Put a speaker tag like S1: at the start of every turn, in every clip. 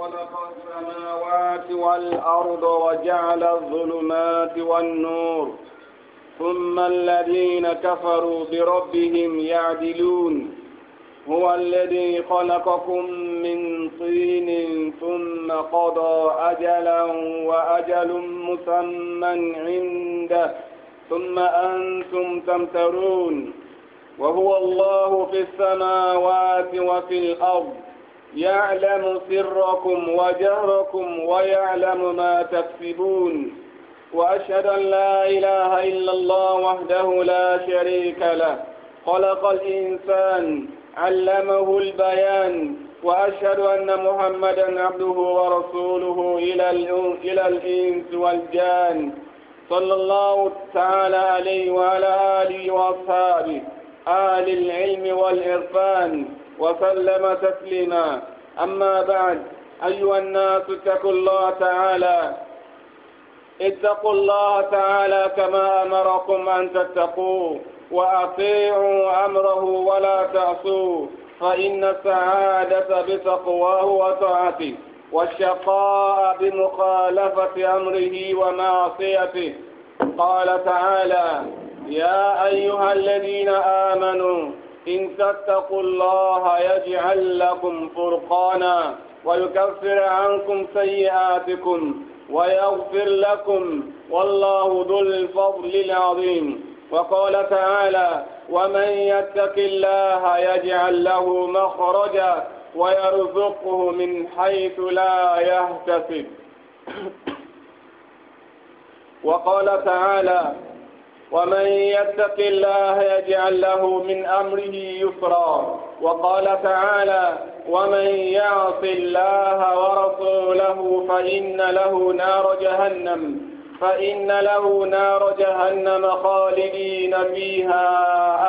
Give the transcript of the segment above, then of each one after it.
S1: خلق السماوات والأرض وجعل الظلمات والنور ثم الذين كفروا بربهم يعدلون هو الذي خلقكم من طين ثم قضى أجلا وأجل مسمى عنده ثم أنتم تمترون وهو الله في السماوات وفي الأرض يعلم سركم وجهركم ويعلم ما تكسبون وأشهد أن لا إله إلا الله وحده لا شريك له خلق الإنسان علمه البيان وأشهد أن محمدا عبده ورسوله إلى إلى الإنس والجان صلى الله تعالى عليه وعلى آله وأصحابه أهل العلم والإرفان وسلم تسليما أما بعد أيها الناس اتقوا الله تعالى اتقوا الله تعالى كما أمركم أن تتقوه وأطيعوا أمره ولا تعصوه فإن السعادة بتقواه وطاعته والشقاء بمخالفة أمره ومعصيته قال تعالى يا أيها الذين آمنوا إن تتقوا الله يجعل لكم فرقانا ويكفر عنكم سيئاتكم ويغفر لكم والله ذو الفضل العظيم وقال تعالى ومن يتق الله يجعل له مخرجا ويرزقه من حيث لا يحتسب وقال تعالى ومن يتق الله يجعل له من أمره يسرا وقال تعالى ومن يعص الله ورسوله فإن له نار جهنم فإن له نار جهنم خالدين فيها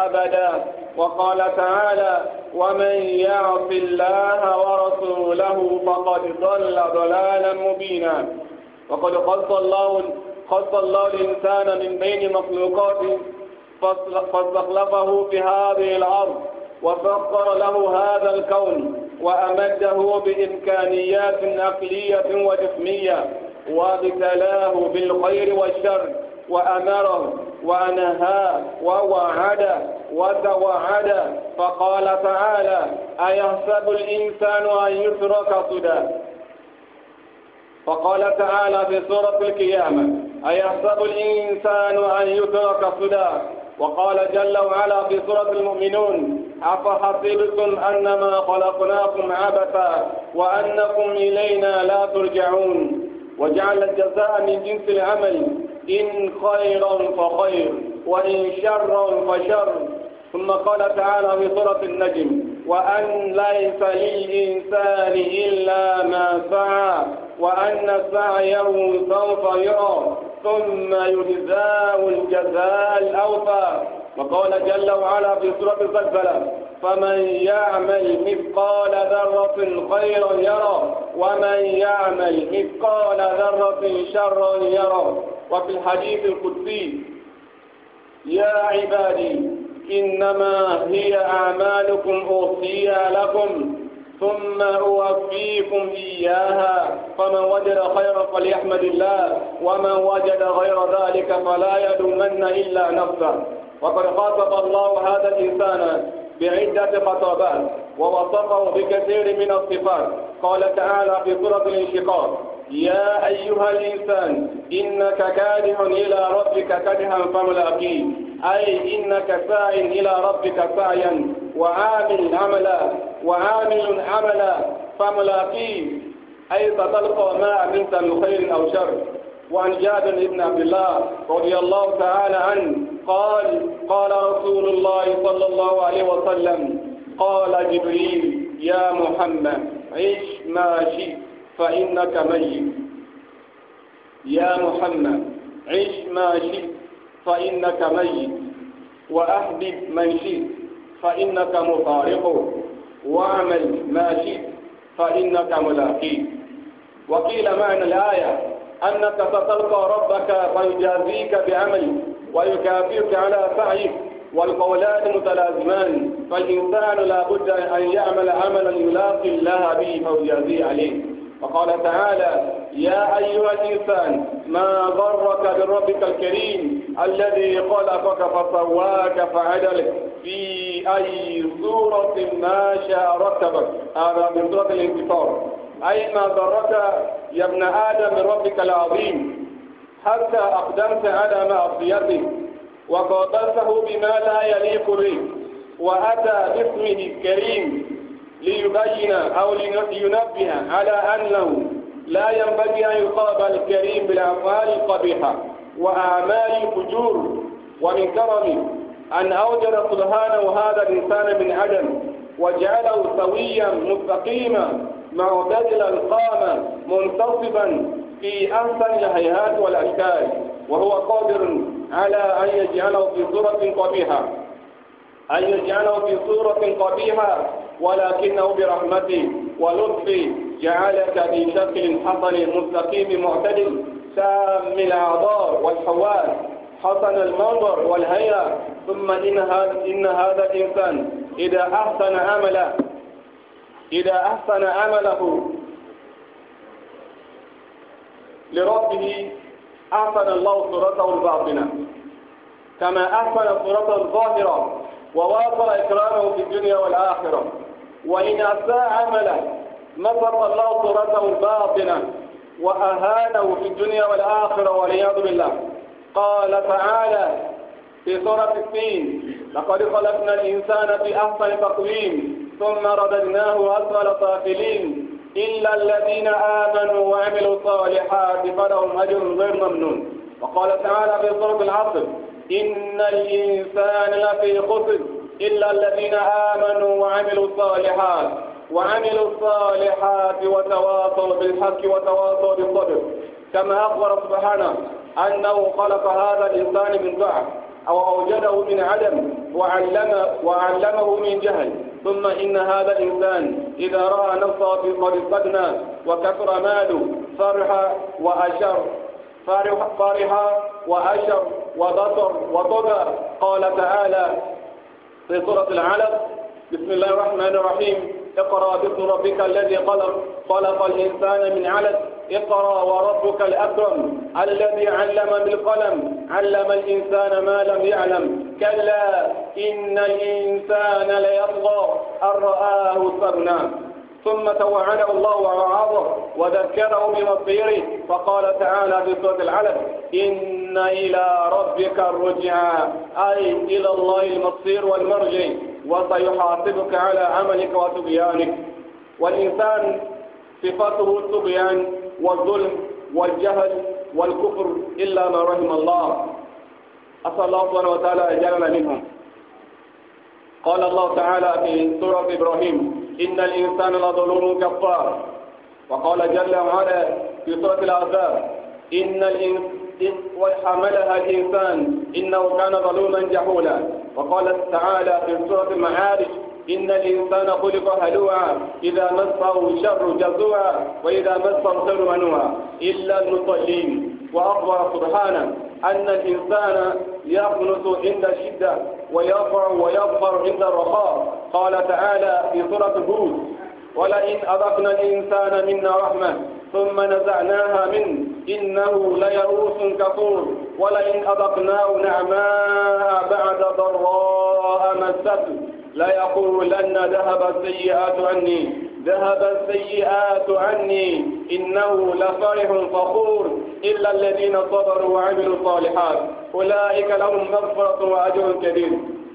S1: أبدا وقال تعالى ومن يعص الله ورسوله فقد ضل ضلالا مبينا وقد قص الله خلق الله الإنسان من بين مخلوقاته فاستخلفه في هذه الأرض وسخر له هذا الكون وأمده بإمكانيات عقلية وجسمية وابتلاه بالخير والشر وأمره ونهاه ووعده وتوعد فقال تعالى أيحسب الإنسان أن يترك صدى فقال تعالى في سورة القيامة أيحسب الإنسان أن يترك صدا وقال جل وعلا في سورة المؤمنون أفحسبتم أنما خلقناكم عبثا وأنكم إلينا لا ترجعون وجعل الجزاء من جنس العمل إن خيرا فخير وإن شرا فشر ثم قال تعالى في سورة النجم وأن ليس للإنسان إلا ما سعى وأن سعيه سوف يرى ثم يجزاه الجزاء الأوفى وقال جل وعلا في سورة الزلزلة فمن يعمل مثقال ذرة خيرا يرى ومن يعمل مثقال ذرة شرا يرى وفي الحديث القدسي يا عبادي إنما هي أعمالكم أوصيها لكم ثم أوفيكم إياها فمن وجد خيرا فليحمد الله ومن وجد غير ذلك فلا يلومن إلا نفسه وقد خاطب الله هذا الإنسان بعدة خطابات ووصفه بكثير من الصفات قال تعالى في سورة الانشقاق يا أيها الإنسان إنك كادح إلى ربك كدحا فملاقيه أي إنك ساع إلى ربك سعيا وعامل عملا وعامل عملا فملاقيه أي تطلق ما منك من خير أو شر وعن جابر بن عبد الله رضي الله تعالى عنه قال قال رسول الله صلى الله عليه وسلم قال جبريل يا محمد عش ما شئت فإنك ميت يا محمد عش ما شئت فإنك ميت وأحبب من شئت فإنك مفارقه واعمل ما شئت فإنك ملاقيه وقيل معنى الآية أنك ستلقى ربك فيجازيك بعمل ويكافئك على سعيك والقولان متلازمان فالإنسان لا بد أن يعمل عملا يلاقي الله به فيجازيه عليه وقال تعالى يا أيها الإنسان ما ضرك بربك الكريم الذي خلقك فسواك فعدلك في أي صورة ما شاء ركبك هذا من صورة الانتصار أي ما ضرك يا ابن آدم بربك العظيم حتى أقدمت على معصيته وقاتلته بما لا يليق به وأتى باسمه الكريم ليبين أو لينبه على أنه لا ينبغي أن يقابل الكريم بالأعمال القبيحة وأعمال الفجور ومن كرمه أن أوجد سبحانه هذا الإنسان من عدم وجعله سويا مستقيما معتدلا قاما منتصبا في أحسن الهيئات والأشكال وهو قادر على أن يجعله في صورة قبيحة أن يجعله في صورة قبيحة ولكنه برحمته ولطفه جعلك في شكل حسن مستقيم معتدل سام الأعضاء والحواس حسن المنظر والهيئة ثم إن هذا, إن هذا الإنسان إذا أحسن عمله إذا أحسن عمله لربه أحسن الله صورته الباطنة كما أحسن صورته الظاهرة ووافر إكرامه في الدنيا والآخرة وإن أساء عمله نصر الله صورته الباطنة وأهانه في الدنيا والآخرة والعياذ بالله قال تعالى في سورة السين لقد خلقنا الإنسان في أحسن تقويم ثم رددناه أسفل سافلين إلا الذين آمنوا وعملوا الصالحات فلهم أجر غير ممنون وقال تعالى في سورة العصر إن الإنسان لفي خسر إلا الذين آمنوا وعملوا الصالحات وعملوا الصالحات وتواصوا بالحق وتواصوا بالصبر كما أخبر سبحانه أنه خلق هذا الإنسان من ضعف أو أوجده من عدم وعلم وعلمه من جهل ثم إن هذا الإنسان إذا رأى نفسه قد وكثر ماله فرح وأشر فارحة وأشر وبصر وطغى قال تعالى في سورة العلق بسم الله الرحمن الرحيم اقرأ باسم ربك الذي خلق خلق الإنسان من علق اقرأ وربك الأكرم الذي علم بالقلم علم الإنسان ما لم يعلم كلا إن الإنسان ليطغى أن رآه استغنى ثم توعده الله ووعظه وذكره بمصيره فقال تعالى في سورة العلم إن إلى ربك الرجعى أي إلى الله المصير والمرجع وسيحاسبك على عملك وتبيانك والإنسان صفته الطغيان والظلم والجهل والكفر إلا ما رحم الله أسأل الله سبحانه وتعالى أجلنا منهم قال الله تعالى في سورة إبراهيم إن الإنسان لظلوم كفار وقال جل وعلا في سورة العذاب إن الإنسان وحملها الإنسان إنه كان ظلوما جهولا وقال تعالى في سورة المعارج إن الإنسان خلق هلوعا إذا مسه الشر جزوعا وإذا مسه الخير منوعا إلا المصلين وأخبر سبحانه أن الإنسان يقنط عند الشدة ويرفع ويظفر عند الرخاء قال تعالى في سورة هود ولئن أذقنا الإنسان منا رحمة ثم نزعناها منه إنه ليئوس كفور ولئن أذقناه نعماء بعد ضراء مسته ليقولن ذهب السيئات عني ذهب السيئات عني إنه لفرح فخور إلا الذين صبروا وعملوا الصالحات أولئك لهم مغفرة وأجر كبير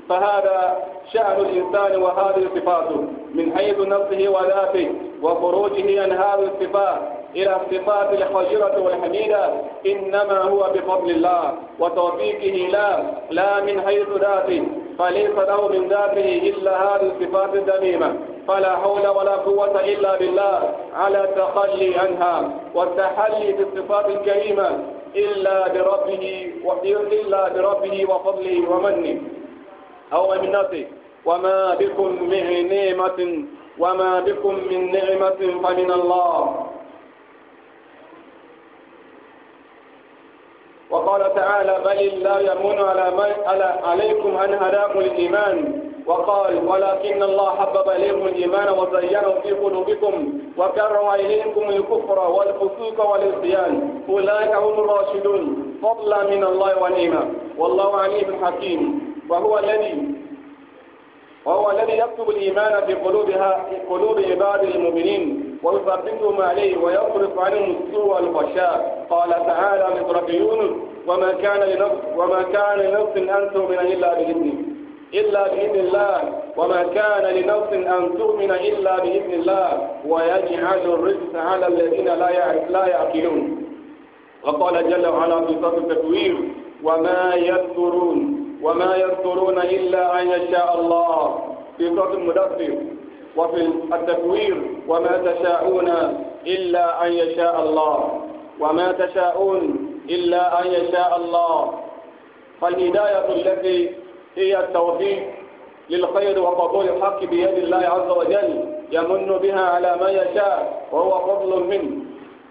S1: فهذا شأن الإنسان وهذه صفاته من حيث نفسه وذاته وخروجه عن هذا الصفات إلى الصفات الحجرة والحميدة إنما هو بفضل الله وتوفيقه لا لا من حيث ذاته فليس له من ذاته إلا هذه الصفات الذميمة فلا حول ولا قوة إلا بالله على التخلي عنها والتحلي بالصفات الكريمة إلا بربه إلا بربه وفضله ومنه أو من نفسه وما بكم من نعمة وما بكم من نعمة فمن الله وقال تعالى بل الله يمن على, على عليكم أن هداكم الإيمان وقال ولكن الله حبب إليكم الإيمان وزينه في قلوبكم وكره إليكم الكفر والفسوق والعصيان أولئك هم الراشدون فضلا من الله ونعما والله عليم حكيم وهو الذي وهو الذي يكتب الإيمان في قلوبها في قلوب عباد المؤمنين ويثبتهم عليه ويصرف عنهم السوء والفحشاء قال تعالى في يونس وما كان لنفس وما كان لنفس أن تؤمن إلا بإذنه إلا بإذن الله وما كان لنفس أن تؤمن إلا بإذن الله ويجعل الرزق على الذين لا لا يعقلون وقال جل وعلا في سورة التكوير وما يذكرون وما يذكرون إلا أن يشاء الله في سورة المدثر وفي التكوير وما تشاءون إلا أن يشاء الله وما تشاءون إلا أن يشاء الله فالهداية التي هي التوفيق للخير وقبول الحق بيد الله عز وجل يمن بها على ما يشاء وهو فضل منه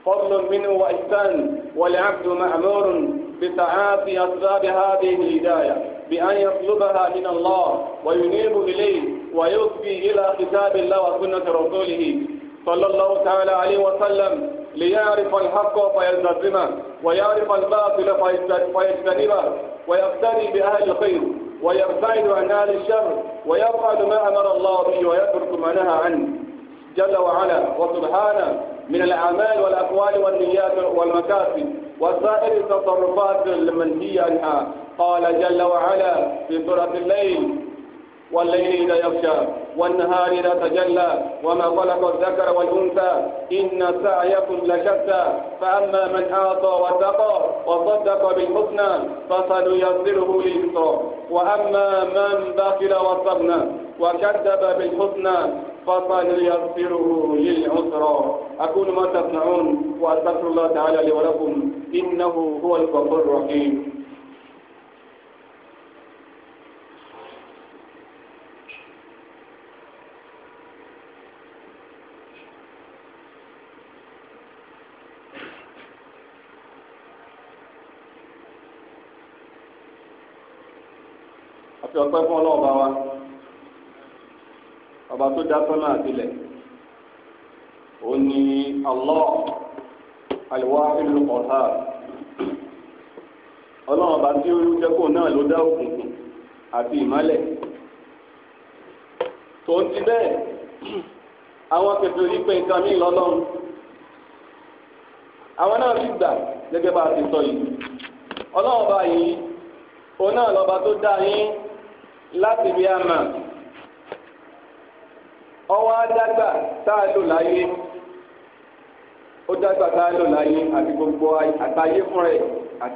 S1: فضل منه وإحسان والعبد مأمور بتعافي أسباب هذه الهداية بأن يطلبها من الله وينيب إليه ويكفي إلى كتاب الله وسنة رسوله صلى الله تعالى عليه وسلم ليعرف الحق فيلتزمه ويعرف الباطل فيجتنبه ويقتدي بأهل الخير ويبتعد عن أهل الشر ويفعل ما أمر الله به ويترك ما نهى عنه جل وعلا وسبحانه من الأعمال والأقوال والنيات والمكاسب وسائر التصرفات المنهي عنها قال جل وعلا في سورة الليل والليل إذا يغشى والنهار إذا تجلى وما خلق الذكر والأنثى إن سعيكم لشتى فأما من أعطى واتقى وصدق بالحسنى فسنيسره لليسرى وأما من بخل وصبنا وكذب بالحسنى فسنيسره للعسرى أقول ما تصنعون وأستغفر الله تعالى لي ولكم إنه هو الغفور الرحيم fi ọpẹ́ fún wa ọba tó dá sọ́nà àtìlẹ̀ ó ní tí ó jẹ́ kó náà ló dá òkùnkùn àti tó ń ti bẹ́ẹ̀ àwọn nǹkan mí lọ́lọ́run àwọn náà gbà gẹ́gẹ́ bá láti bí a mà ọwọ́ adágbà tá láyé ó dágbà a láyé àti gbogbo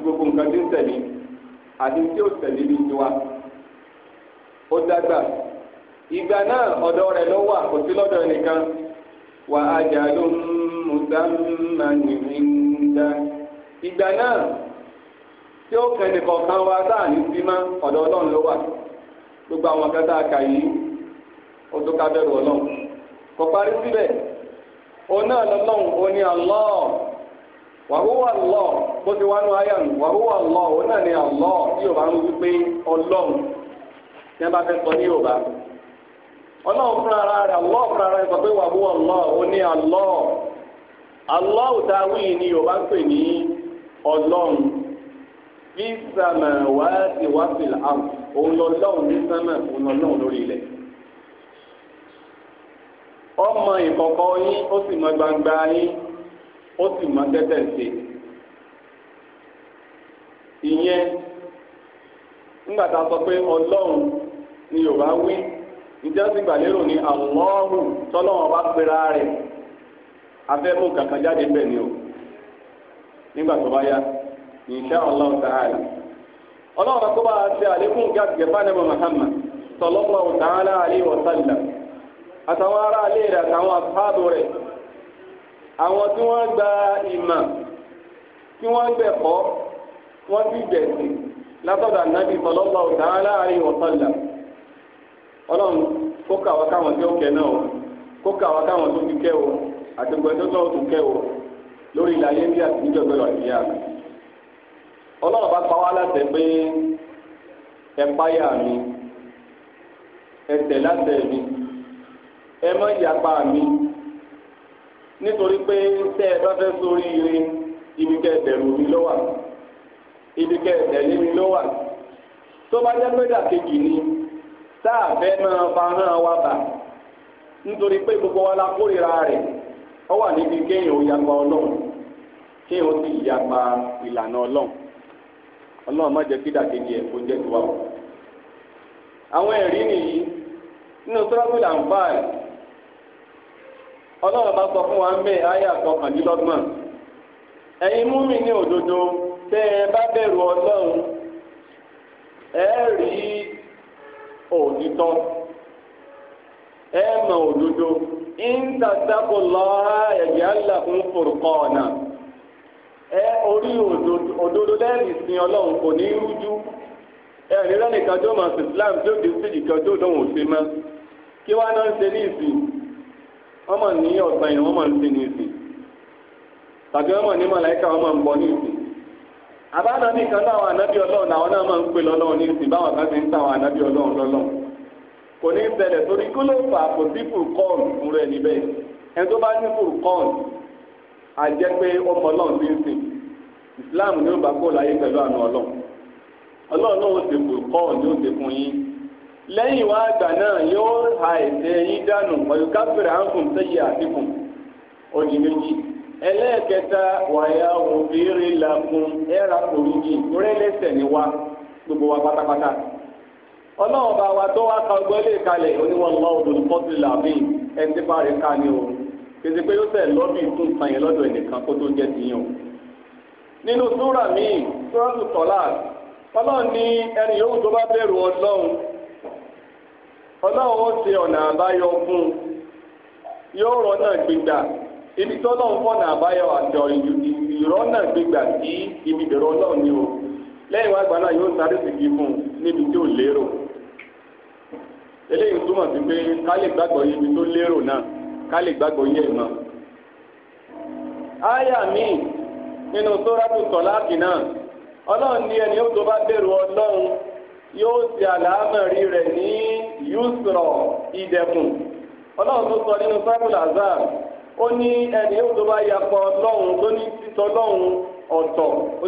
S1: gbogbo nǹkan tí ń tẹ̀lé àti tí ó tẹ̀lé ní tiwa ó dágbà ìgbà náà rẹ̀ ló wà kò sí lọ́dọ̀ ẹnìkan wà á jà ló ń mùsàmà nìyíńdá ìgbà náà tí ó kẹ́ni kọ̀ọ̀kan wa sáà ní ọ̀dọ̀ ọlọ́run ló wà. gbogbo àwọn kẹta àkà yìí ó tó ká bẹ̀rù ọlọ́run kò parí síbẹ̀ òun náà lọ́lọ́run òun wàhúwà Allah bó ti wá wàhúwà ni Allah tí Yorùbá ń wí pé ọlọ́run ní a bá fẹ́ sọ ní ọlọ́run fúnra ara fúnra ara sọ fi sàmà wá sí wá sí làwọn òun lọ lọ́hùn ní sàmà òun lọ lọ́hùn lórí ilẹ̀ ọmọ ìkọ̀kọ̀ yín ó sì mọ gbangba yín ó sì mọ tẹ́tẹ̀ ṣe ìyẹn nígbà tá a sọ pé ọlọ́run ni yorùbá wí ìjẹ́ sì gbà lérò ní àlọ́ọ̀hùn tọ́lọ́wọ́n bá pera rẹ̀ afẹ́mú kankan jáde bẹ́ẹ̀ ni o nígbà tó bá yá. insha allah ta'ala ọlọ́run kó bá a ṣe àlékún gàgẹ́ fáńdẹ́bọ̀ muhammad sallallahu ta'ala alayhi wa sallam àtàwọn ará ilé rẹ̀ àtàwọn àfáàbò rẹ̀ àwọn tí wọ́n gba ìmọ̀ tí wọ́n gbẹ̀kọ́ wọ́n ti gbẹ̀sì látọ̀dọ̀ ànábì sallallahu ta'ala alayhi wa ọlọ́run kó kàwá káwọn tí ó kẹ náà kó kàwá káwọn tó kẹ́ àti tó kẹ́ ọlọ́run bá pa wá láti pé ẹ páyà mi ẹ tẹ̀ láti mi ẹ má yapa mi nítorí pé tẹ́ ẹ bá fẹ́ sórí ire ibi kẹ́ ẹ bẹ̀rù mi ló wà ibi kẹ́ ẹ tẹ̀lé mi ló wà tó bá jẹ́ pé dàkejì ni tá a fẹ́ máa fa hàn wá bà nítorí pé gbogbo wa la kórìíra rẹ̀ ọ wà níbi kéèyàn ó yapa ọlọ́run kéèyàn ó sì yapa ìlànà ọlọ́run. ọlọ́run má jẹ́ kí dàkejì ẹ̀ kó jẹ́ tiwa o. àwọn ẹ̀rí nìyí nínú sọ́rọ́bìlì àǹfààní ọlọ́run bá sọ fún wa ń àyà ẹ̀yin mú mi ní òdodo tẹ́ ẹ bá bẹ̀rù ọlọ́run ẹ rí ẹ mọ òdodo ẹ̀yà ẹ orí òdodo lẹ́rìí sin ọlọ́run kò ní rújú ẹ̀rí lẹ́nìkan tó mọ̀ sí Islam tó di sídìí kan tó lóun ò mọ́ kí wá náà ń ṣe ní ìsìn wọ́n mọ̀ ní ọ̀sán yìí wọ́n mọ̀ ń ṣe ní ìsìn tàbí wọ́n mọ̀ ní mọ̀láìka wọ́n mọ̀ ń bọ̀ ní ìsìn àbánábì kan náà àwọn ọlọ́run làwọn náà máa ń pè lọ́lọ́run ní ìsìn báwọn kan ti ń ta àwọn ànábì ọlọ́run lọ́lọ́run àjẹ́ pé ọmọ ọlọ́run ti ń sìn islam ní yóò kó láyé pẹ̀lú àna ọlọ́run ọlọ́run náà ó ti kù kọ́ ọ̀ ní fún yín lẹ́yìn wá àgbà náà yóò ha yín dànù pẹ̀lú òdì méjì ẹlẹ́ẹ̀kẹta wàyà òbíire làkùn ẹ̀rà gbogbo wa pátápátá ọlọ́run bá wa tó wá kalẹ̀ oníwọ̀n kèsì pé yóò tẹ̀ lọ́dún ìtún kan yẹn lọ́dọ̀ ẹnìkan kó tó jẹ́ tiyàn. nínú súrà míì sọ́ọ̀tù tọ́lá ọlọ́run ní ẹni yòówù tó bá bẹ̀rù ọlọ́run fún un yóò rọ́nà gbígbà ibi àbáyọ ìrọ́nà gbígbà sí ibi ìbẹ̀rù ọlọ́run ni o lẹ́yìn wá gbà náà yóò sáré fún un níbi tí ò lérò eléyìí túmọ̀ sí ká gbagbo gbàgbọ́ yé ẹ̀ mọ́. áyà nínú sóràtù náà ọlọ́run ní ẹni tó bá bẹ̀rù ọlọ́run yóò ṣe àlàámọ̀rí rẹ̀ ní yusrọ̀ ìdẹ̀kùn ọlọ́run tó sọ nínú sóràtù làzà ó ní ẹni tó bá yapọ ọlọ́run tó ní títọ́ ọlọ́run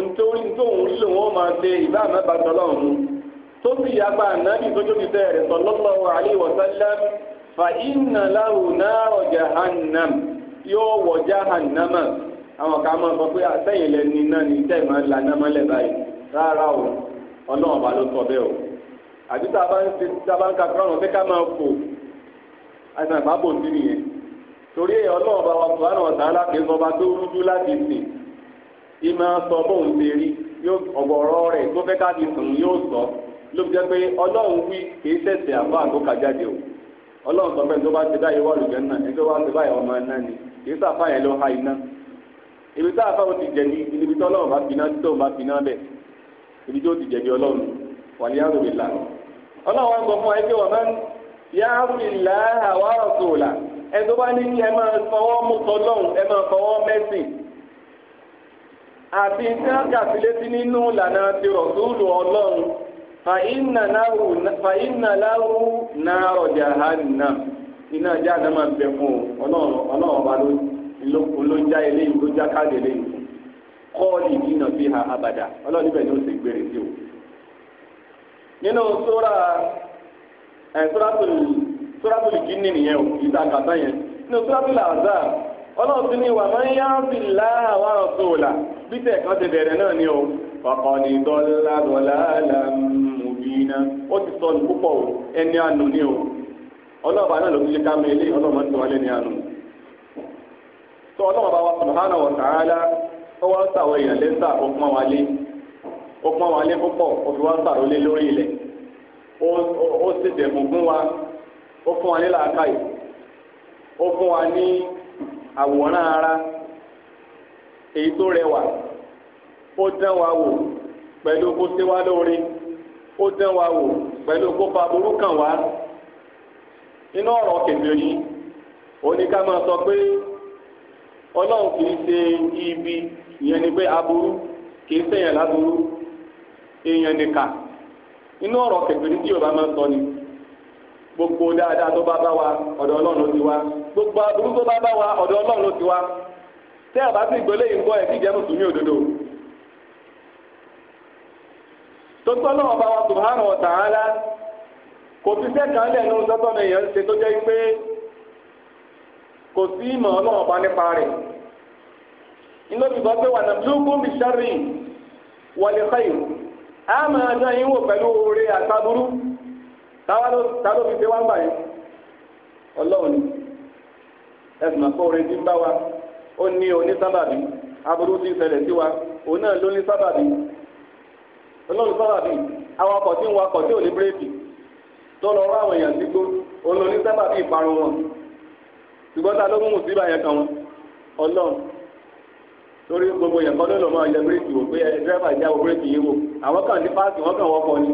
S1: ọ̀tọ̀ nítorí máa ṣe ìbá tó fa inna lahu naro jahannam yóò àwọn kan máa sọ pé àtẹ̀yìn lẹni náà ní tẹ̀ máa la mọ́lẹ̀ báyìí rárá o ọlọ́run ọba ló sọ bẹ́ẹ̀ o àbí tá a bá ń ka kúrọ̀nù pé ká máa fò àìsàn ìbábò ọba láti sìn sọ bóun ṣe rí ọ̀gọ̀rọ̀ rẹ̀ tó fẹ́ ká sùn yóò sọ ọlọ́run sọ pé tó bá ti báyìí wọ́n lùjẹ́ náà ẹni tó bá ti báyìí ọmọ náà ni kìí sáfà yẹn ló ha iná ibi tá a fáwọn ti jẹ ní ibi tó ọlọ́run bá fi iná tó bá fi iná bẹ̀ ibi tó ti jẹ̀bi ọlọ́run wàlẹ́ àròbí là ọlọ́run wọn sọ fún wa pé wọ́n máa ń yá àfìlà àwọn àròsọ là ẹni tó bá ní ẹ máa fọwọ́ mú tọ́lọ́run ẹ máa fọwọ́ mẹ́sìn àti tí wọ́n kà sí létí nínú ìlànà ti rọ̀ fàyínà láwù na ọjà hànà iná ajá náà máa bẹ fún ọlọ́run ọba ló já bí ha abàdà ọlọ́run níbẹ̀ ni gbèrè o. nínú usoro a kínní nìyẹn o ìtàkàtà yẹn nínú àzá wà máa ń yá bí tẹ̀ kan ti bẹ̀rẹ̀ náà ni o. na ó ti sọnù púpọ̀ ẹni àánú ní o ọlọ́ọ̀bá náà ló ti lè ká mi ilé ọlọ́ọ̀bá ti wọlé ní àánú. sọ ọlọ́ọ̀bá wa subhanahu wa ta'ala ó wá sàwọn èèyàn lẹ́sà ó pọ́n wa lé ó pọ́n ó dán wa wò pẹ̀lú kó fa burú wá inú ọ̀rọ̀ kèfèrí òní ká máa sọ pé ọlọ́run kì í ṣe ibi ìyẹn ni pé aburú kì í ṣèyàn láburú èèyàn nìkà inú ọ̀rọ̀ kèfèrí tí yorùbá sọ ni gbogbo dáadáa tó bá bá wa ọ̀dọ̀ ọlọ́run ló ti wá gbogbo aburú tó bá wa ọ̀dọ̀ ọlọ́run ló ti wá tẹ́ tótó ọlọ́wọ́ bá wa subhanahu wa ta'ala kò fi sẹ́kàn lẹ́nu sọ́tọ́ mi yẹn ń ṣe tó jẹ́ pé kò sí ìmọ̀ ọlọ́wọ́ bá nípa rẹ̀ inú ti gbọ́ pé wà nà blúkú bí sáré wọlé fẹ́yì á máa dán yín wò pẹ̀lú oore àtàbúrú táwa ló fi ṣe wá ń gbà yín ọlọ́run ni ẹ̀sùn àpò oore ti ń bá wa ó ní onísábàbí aburú ti ń ṣẹlẹ̀ sí wa òun náà ló ní sábàbí olórí sábà bíi àwọn ọkọ̀ tí ń wakọ̀ tí ò ní bírèkì tó lọ rọ àwọn èèyàn sígbó olórí ní sábà bíi ìparun wọn ṣùgbọ́n ta ló mú mùsíbà yẹn kan wọn ọlọ́run torí gbogbo yẹn kọ́ ló lọ́ máa yẹ bírèkì wò pé ẹ dírẹ́fà jáwọ́ bírèkì yìí wò àwọn kan ní páàkì wọ́n kàn wọ́pọ̀ ni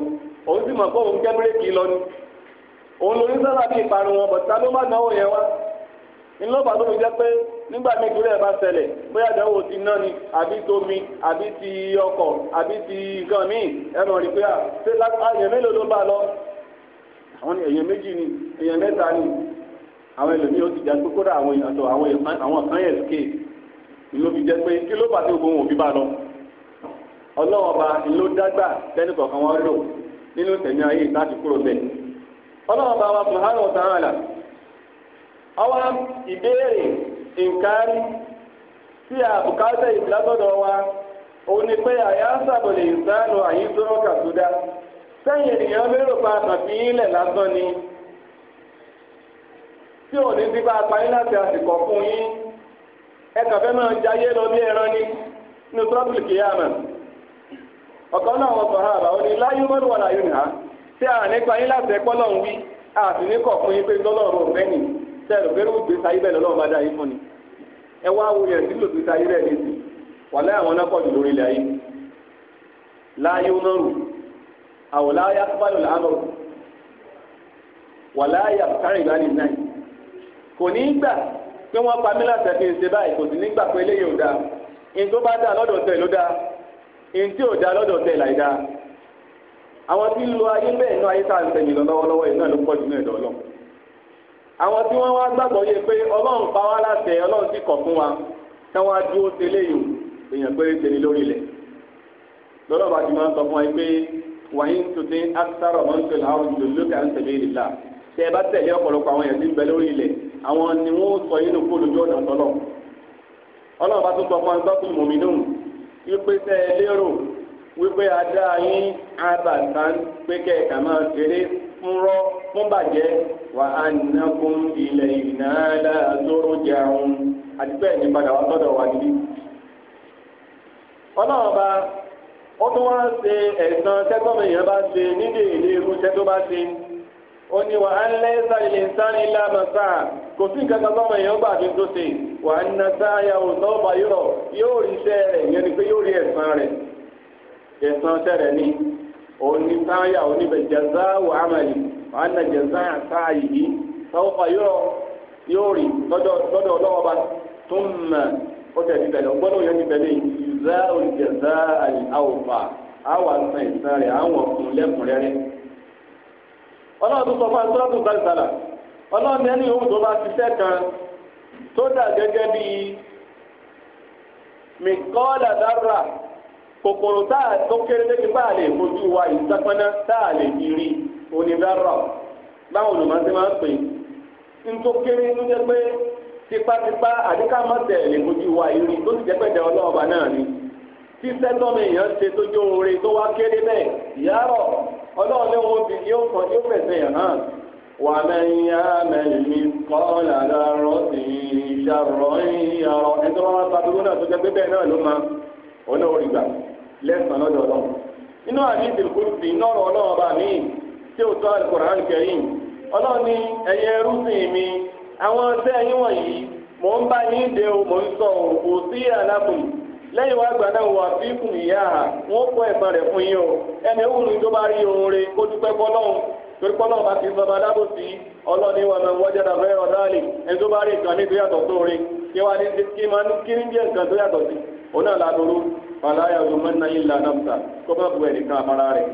S1: òun sì mọ̀ pé òun jẹ́ bírèkì lọ ni òun lórí sábà bíi ìparun wọn bọ̀tá ló má náwó yẹn wá ńlọ́pàá tó fi jẹ́ pé nígbà míì torí ẹ̀ bá ṣẹlẹ̀ bóyá ìdánwò ti ná ni àbí tomi àbí ti ọkọ̀ àbí ti nǹkan míì ẹ mọ̀ rí pé à ṣé èèyàn mélòó ló bá lọ àwọn èèyàn méjì ni èèyàn mẹ́ta ni àwọn ẹlòmíì ó ti jà pé kódà àwọn èèyàn tó àwọn kan yẹn ké ló fi jẹ́ pé kí ló bàtí gbogbo wọn ò fi bá lọ ọlọ́wọ́n ba ló dágbà tẹ́lẹ̀ kọ̀ọ̀kan wọn lò nínú tẹ̀mí ayé láti kúrò bẹ́ẹ̀ ọlọ́wọ́n ba wa subhanahu wa awa ìbéèrè nkari tí a bùkátà wa òun ni pé àyà sàbòlè ìsánù àyíṣòro kàtúndà sẹ́yìn ènìyàn lérò pa àtàkì ilẹ̀ lásán ni tí ò ní sí bá a parí láti àsìkò fún yín ẹ kàfẹ́ máa jayé lọ bí ẹran ni nínú tọ́pìlì kìyàmà ọ̀kan náà wọ́n sọ̀rọ̀ àbá ó ní láyé láyé nìyà tí a nípa yín láti ẹ̀kọ́ lọ́hùn wí àti sẹ́ẹ̀rù pé irú gbèsè ayé bẹ́ẹ̀ lọ́nà ọba dá yín fún ni ẹ wá wo yẹn nílò gbèsè ayé bẹ́ẹ̀ lẹ́sìn wà láyé àwọn náà pọ̀jù lórí ilẹ̀ ayé láyé ó nọ́rù àwọn láyé làánù wà láyé ìgbàlè náà kò ní í gbà pé wọ́n pa mí ṣe báyìí kò sì ní gbà pé eléyìí ò dáa tó bá dáa lọ́dọ̀ tẹ̀ ló dáa tí ò dáa lọ́dọ̀ tẹ̀ láì dáa àwọn tí ń àwọn tí wọ́n wá gbàgbọ́ yẹ pé ọlọ́run pa wá láṣẹ ọlọ́run sì kọ̀ fún wa táwọn adúró ṣe léyìn èèyàn péré ṣe ni lórí ilẹ̀ lọ́dọ̀ bá ti máa ń sọ fún wa pé wàyí ń tún ní akitaro mọ́ńtòlá ọ̀rùn lòlókè à ń tẹ̀lé ìlà tẹ ẹ bá tẹ̀lé ọ̀pọ̀lọpọ̀ àwọn èèyàn tí ń bẹ lórí ilẹ̀ àwọn ni wọ́n sọ yín nù kó lójú ọ̀nà tọ́lọ̀ ọlọ́run bá tún sọ fún wa sọ́kùn mọ̀mínú wípé tẹ́ ẹ lérò wípé adá yín nrọ rọ́ fún bàjẹ́ wà á nà ilẹ̀ ìná lásòrò jẹun àti bẹ́ẹ̀ ní padà wá sọ́dọ̀ wá níbí. ọlọ́run bá ó tún wá ṣe ẹ̀san tẹ́gbọ́n èèyàn bá ṣe nídìí ilé irú tó bá ṣe ó ní wà á lẹ́ sáré sáré lánàá kò sí nǹkan kan sọ́mọ èèyàn gbà fi tó ṣe wà á sáyà ò yóò rí iṣẹ́ rẹ̀ ni pé yóò rí ẹ̀san rẹ̀ ẹ̀san iṣẹ́ rẹ̀ onítáyà oníbẹ̀jẹ̀zá wà ámàlì wà á nà jẹ̀zá àtàyè yìí sáwọ́pà yóò rí lọ́dọ̀ ọlọ́wọ́ bá tó mọ̀ ó tẹ̀ ti tẹ̀lé ọgbọ́n òyìn ti tẹ̀lé ìzá olùjẹ̀zá àlè àwòfà àwọn àtàn ìsàn rẹ̀ àwọn ọ̀kùnrin lẹ́kùnrẹ́rẹ́. ọlọ́run tó sọ fún asọ́rọ́tù sálìsálà ọlọ́run ẹni yòówù tó bá ṣiṣẹ́ kan tó dà gẹ́gẹ́ bíi mìkọ́lá dára kòkòrò taa a tó kéré lékè bá a lè fojú wa ìsápẹ́ná tá a lè fi rí onídàárọ̀ báwo ló máa ń ṣe ń pè kéré ló jẹ́ pé tipátipá àdíkà ni tí sẹ́tọ́mì èèyàn ṣe oore tó wá kéré bẹ́ẹ̀ ìyárọ̀ wọn yóò kàn yóò fẹ̀sẹ̀ hàn wà mẹ́yìn mi kọ́ òun náà ó rí gbà lẹ́sàn-án lọ́dọ̀ ọlọ́run inú àdìsí kùrùsì iná ọ̀rọ̀ ọlọ́run ọba mi tí ó tọ́ alukoran kẹrin ọlọ́run ní ẹ̀yẹ rúsìn mi àwọn ọ̀sẹ̀ yín wọ̀nyí mò ń bá yín o sọ o kò sí lẹ́yìn wá gbà náà wà ìyá à wọ́n ẹ̀sán rẹ̀ fún yín o ẹni tó bá rí kó dúpẹ́ torí bá ọlọ́ni wà máa wọ́jà fẹ́ onu làdúró màláyà ya náà yìí lànà mùsà kó má bu ẹnìkan àmàrà rẹ̀.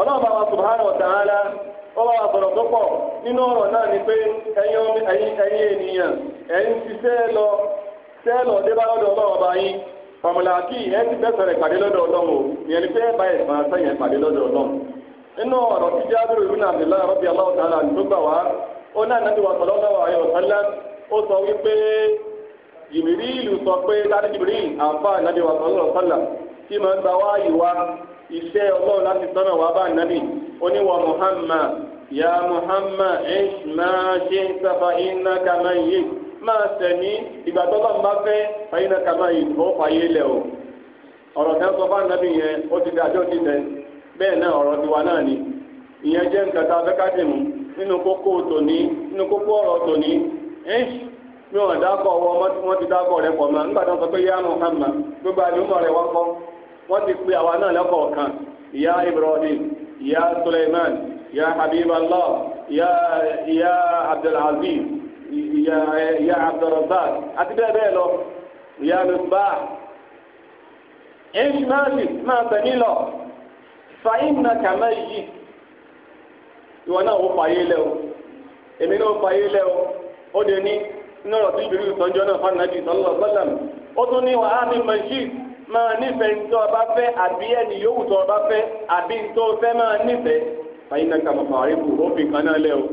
S1: ọlọ́ọ̀bà wa subhanahu wa ta'ala ọba wa sọ̀rọ̀ tó pọ̀ nínú ọ̀rọ̀ náà ni pé ẹ̀yin ènìyàn ẹ̀yin ti sẹ́ẹ̀ lọ ti jìbìrìlù sọ pé láti jìbìrìlù àǹfà ìnáde wa sọlọ sọlọ tí máa gba wá ìwà iṣẹ́ ọlọ́run láti bá muhammad ya muhammad ish ma ṣe sáfà iná kàmá yìí máa tẹ̀mí ìgbà tó bá ń bá fẹ́ fàyínà kàmá yìí ó lẹ̀ o ọ̀rọ̀ kan sọ fún ànábì yẹn ó ti ti ni ìyẹn jẹ́ nǹkan tá a fẹ́ ká dì mú nínú kókó tòní mi ò dákọ̀ wọ́n ti dákọ̀ rẹ pọ̀ mọ́ nígbà tó ń sọ pé yá Muhammad gbogbo àdúgbò rẹ wọ́n kọ́ wọ́n ti pe àwa náà kan ìyá Ibrahim ìyá Suleiman ìyá ìyá ìyá Abdulaziz ìyá ìyá àti bẹ́ẹ̀ bẹ́ẹ̀ lọ ìyá máa bẹ̀ nílọ fàyín kàmá yìí ìwọ náà lẹ́wọ̀ èmi náà inú ọ̀rọ̀ tí ìbírí ìtọ́jọ́ náà fún anabi sọlọ sọlọm ó tún ní wàhálà mi mọ̀ṣí máa nífẹ̀ẹ́ tó o bá fẹ́ àbí ẹni yòówù tó o bá fẹ́ àbí tó o fẹ́ máa nífẹ̀ẹ́ fàyínà kàmọ̀fà àríkù òfin kan náà lẹ́ o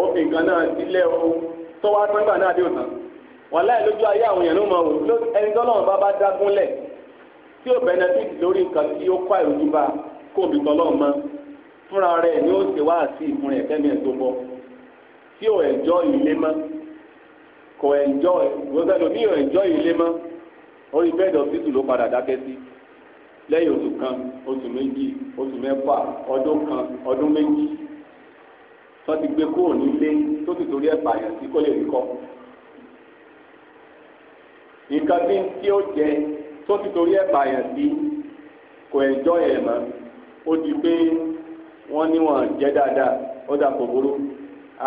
S1: òfin kan náà ti o tó wá tán gbà náà dé òtàn wàhálà ẹ̀ lójú ayé àwọn èèyàn ló máa wò ẹni tọ́lọ́run bá bá dágúnlẹ̀ tí ò benefit lórí nǹkan tí ó kọ́ àìrójú bá kó òbí tọ́lọ́run mọ́ fúnra rẹ̀ ni ó ṣe wá sí ìfúnrẹ̀ kẹ́mi ẹ̀ tó bọ́ tí ẹ̀jọ́ ìlé kò ẹ̀njọ́ ìwọ́sẹ̀lò mí ò ẹ̀njọ́ ilé mọ́ orí bẹ́ẹ̀dì ọ̀sítù ló padà dákẹ́ sí lẹ́yìn oṣù kan oṣù méjì oṣù mẹ́fà ọdún kan ọdún méjì tó ti gbé kúrò nílé tó ti torí ẹ̀fà yẹn sí kó lè rí kọ́ nǹkan bí tí ó jẹ tó ti torí ẹ̀fà yẹn sí kò ẹ̀njọ́ ẹ̀ mọ́ ó di pé wọ́n níwọ̀n jẹ́ dáadáa ó dà kò burú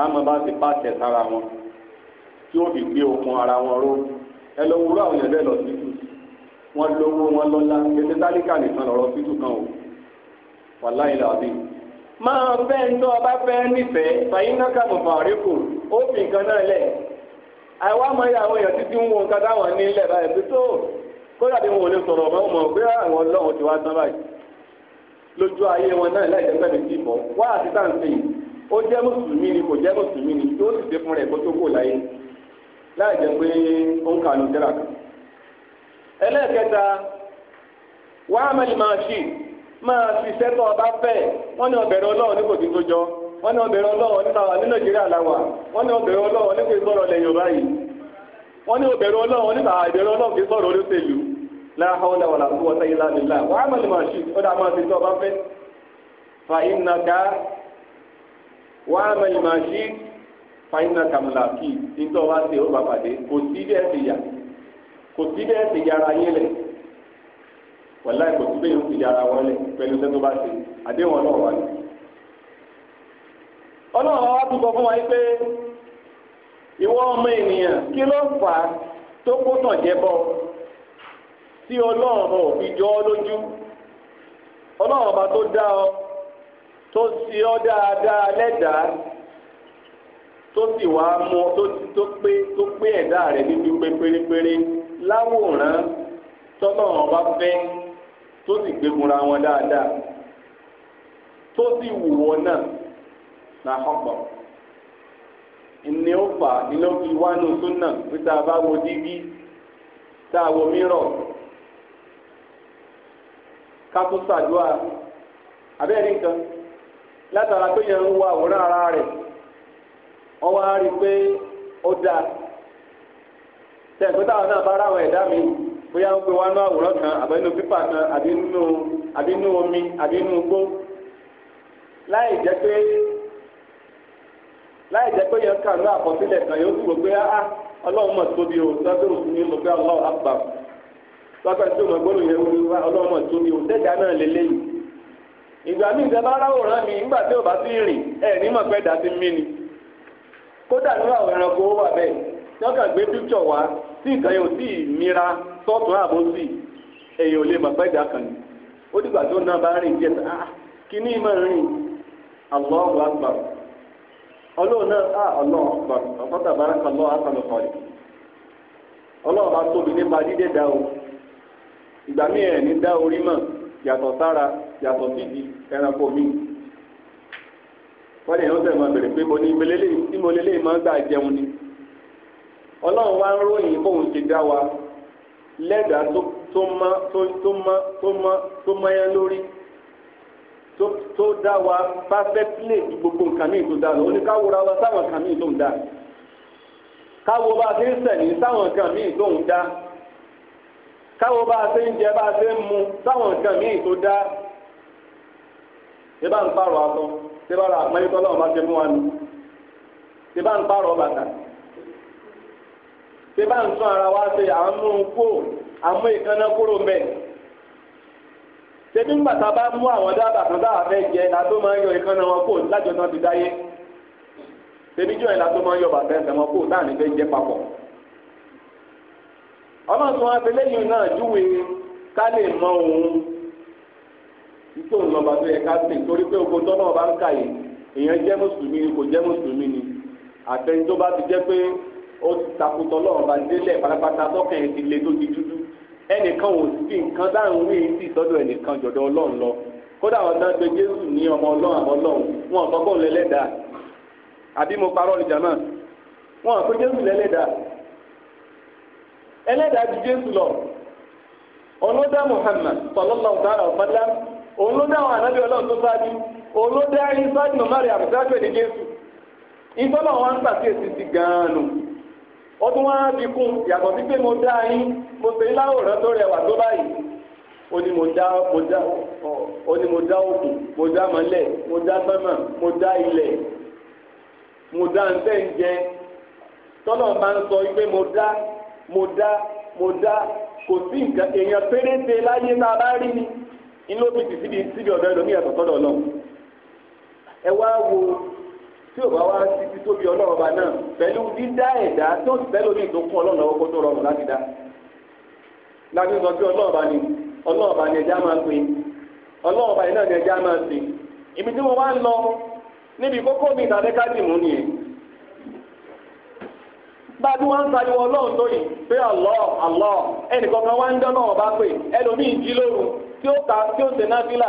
S1: àmọ́ bá ti pàṣẹ sára wọn. tí ó fi gbé okun ara wọn ró ẹ lọ wúrọ àwọn yẹn lọ sí tù wọn lówó wọn lọ́lá ètò tálíkà nìkan lọ́rọ̀ sí tù kan o wàláyé làbí máa fẹ́ ń tọ́ ọba fẹ́ nífẹ̀ẹ́ fàyínàkà mọ̀fàríkù ó fi nǹkan náà lẹ̀ àwa máa yà àwọn èèyàn títí ń wo nǹkan ilẹ̀ wọn ò lè sọ̀rọ̀ ọ̀mọ́ àwọn ọlọ́run ti wá tán báyìí lójú ayé wọn náà láì sí ìbọn wá àti ó jẹ́ mùsùlùmí ni kò jẹ́ mùsùlùmí ni sì fún láì jẹ́ pé ó ń kà ní ìjẹ́ra kan. ẹlẹ́ẹ̀kẹta wà á mẹ́lì máa ṣì máa ṣiṣẹ́ tó ọba fẹ́ wọ́n ní ọbẹ̀rẹ̀ ọlọ́run ní kò sí tó jọ wọ́n ní ọbẹ̀rẹ̀ ọlọ́run ní nàìjíríà làwà wọ́n ní ọbẹ̀rẹ̀ ọlọ́run nípa ìgbọ́rọ̀ yìí wọ́n ní ọbẹ̀rẹ̀ ọlọ́run ọlọ́run sọ̀rọ̀ olóṣèlú wà fáyínà kamala, kì í ntọ́ wá sí ọba pàdé kò sí bẹ́ẹ̀ ti yà kò sí bẹ́ẹ̀ ti yàrá yín lẹ̀ wàlá kò sí bẹ́ẹ̀ ti yàrá wọn lẹ̀ pẹ̀lú sẹ́tọ́ bá ṣe àdéhùn ọlọ́run wa ni. ọlọ́run wa tún bọ fún wa yìí pé ìwọ ọmọ ènìyàn kí ló fà á tó kó tàn jẹ bọ tí ọlọ́run ò fi jọ ọ lójú ọlọ́run ọba tó dá ọ tó ṣe ọ dáadáa lẹ́dàá. tó sì wá mọ tó pé tó pé ẹ̀dá rẹ̀ níbi pé pérépéré láwòrán tọ́nà ọba fẹ́ tó sì wọn dáadáa tó sì wù náà là ọ̀pọ̀ ìní ó fà iná fi wánú súnà níta bá wo a wo mírọ̀ abẹ́rẹ́ látara ara rẹ̀. ọwọ a rí i pé ó dáa tẹ̀gbọ́n táwọn náà bá ráwọn ẹ̀dá mi bóyá ń pe wá nú àwòrán kan àbí pípà kan àbí omi àbí nú igbó láì jẹ́ pé láì jẹ́ pé yẹn kan yóò sì pé á ọlọ́run mọ̀ tóbi o sọ́dọ̀ ní mo àgbà sọ́dọ̀ tí mo gbọ́dọ̀ yẹ wá ọlọ́run mọ̀ tóbi o sẹ́jà ìgbà bá sí rìn ẹ̀ ní kódà nínú àwọn ẹranko ó wà bẹ́ẹ̀ tí wọ́n kàn gbé píkṣọ̀ wá tí nǹkan mira ò mira sọ́ọ̀tún àbòsí èèyàn ò lè mọ̀ kan ni ó dìgbà tó náà bá rìn díẹ̀ ah kíní máa rìn Allahu akbar ọlọ́run náà ah Allahu akbar ọ̀pọ̀tà bá rákà lọ́wọ́ àtàlù kọ̀ọ̀lì ọlọ́run bá tóbi nípa dídé dá o ìgbà míì ẹ̀ ní dá orí mọ̀ wọ́n lè yàn sẹ̀ máa bèrè pé mo ní máa ń gbà jẹun ni ọlọ́run wá ń ròyìn ṣe dá wa lẹ́dàá tó mọ́ tó lórí tó dá wa pàfẹ́tìlè gbogbo nǹkan tó dá lọ ó ní ká wúra wa sáwọn nǹkan tó ń dá káwo bá a ń sáwọn nǹkan dá káwo bá a bá a mu sáwọn nǹkan tó dá. ṣé bá ń pààrọ̀ aṣọ ṣé bá ra àpẹ́yìntọ́ náà bá ṣe fún wa ni ṣé bá ń pààrọ̀ bàtà ṣé bá ń tún ara wa ṣe àánú kó àmú ìkànnà kúrò mẹ́ ṣebí ńgbà tá a bá mú àwọn dábàá kan dáhà fẹ́ jẹ látó máa ń yọ ìkànnà wọn kó lájọ náà ti dáyé ṣebí jọ ẹ̀ látó máa ń yọ bàtà ẹ̀sẹ̀ wọn kó táà ní fẹ́ jẹ papọ̀ ọlọ́run tí wọ́n fi lẹ́yìn náà júwe ká lè mọ òun ìtò ìlọba tó yẹ ká sìn torí pé ogun tó náà bá ń kà yìí èèyàn jẹ́ mùsùlùmí ni kò jẹ́ mùsùlùmí ni àtẹni tó bá ti jẹ́ pé ó ti takùtọ̀ lọ́wọ́ bá délẹ̀ pátápátá tọ́kàn yẹn ti le tó ti dúdú ẹnìkan ò sí nǹkan dáhùn wí sí ìsọdọ̀ ẹnìkan jọ̀dọ̀ ọlọ́run lọ kódà wọn dáná pé jésù ní ọmọ ọlọ́run àmọ́ ọlọ́run wọn sọ bọ́ọ̀lù ẹlẹ́dàá àbí mo parọ́ ní jàmáà wọn àpé jésù lẹ́lẹ́dàá ẹlẹ́dàá ju jésù lọ ọlọ́dà muhammad sallallahu alaihi wasallam òun ló dáhùn ànábì ọlọ́run tó sáájú òun ló dá isa ibn Maryam àbùsáàpè ní jésù ìtọ́lọ̀ wọn ń pàkíyèsí sí gan-an nù ó tún wá fi kún yàtọ̀ sí pé mo dá yín mo ṣe láwòrán tó rẹwà tó báyìí mo dá mo dá ó ní mo dá òkun mo dá mọ́lẹ̀ mo dá sánmà mo mo dá ń jẹ ń sọ pé mo dá mo inú ó bìtì síbi síbi ọ̀dọ́ ẹlòmíì yàtọ̀ sọ́dọ̀ náà ẹ wá wo tí ò bá wá sí ti tóbi ọlọ́run ọba náà pẹ̀lú dídá ẹ̀dá tó sì bẹ́ẹ̀ lómi tó kún ọlọ́run ọwọ́ tó rọrùn láti dá láti sọ pé ọlọ́run ọba ni ọlọ́run ọba ni ẹja máa ń pè ọlọ́run ọba yìí ni ẹja máa ń pè tí mo wá ń lọ níbi kókó mi káàdì mú nìyẹn bá a wọn ń ọlọ́run tó yìí pé tí ó ta tí ó ṣe náà fílà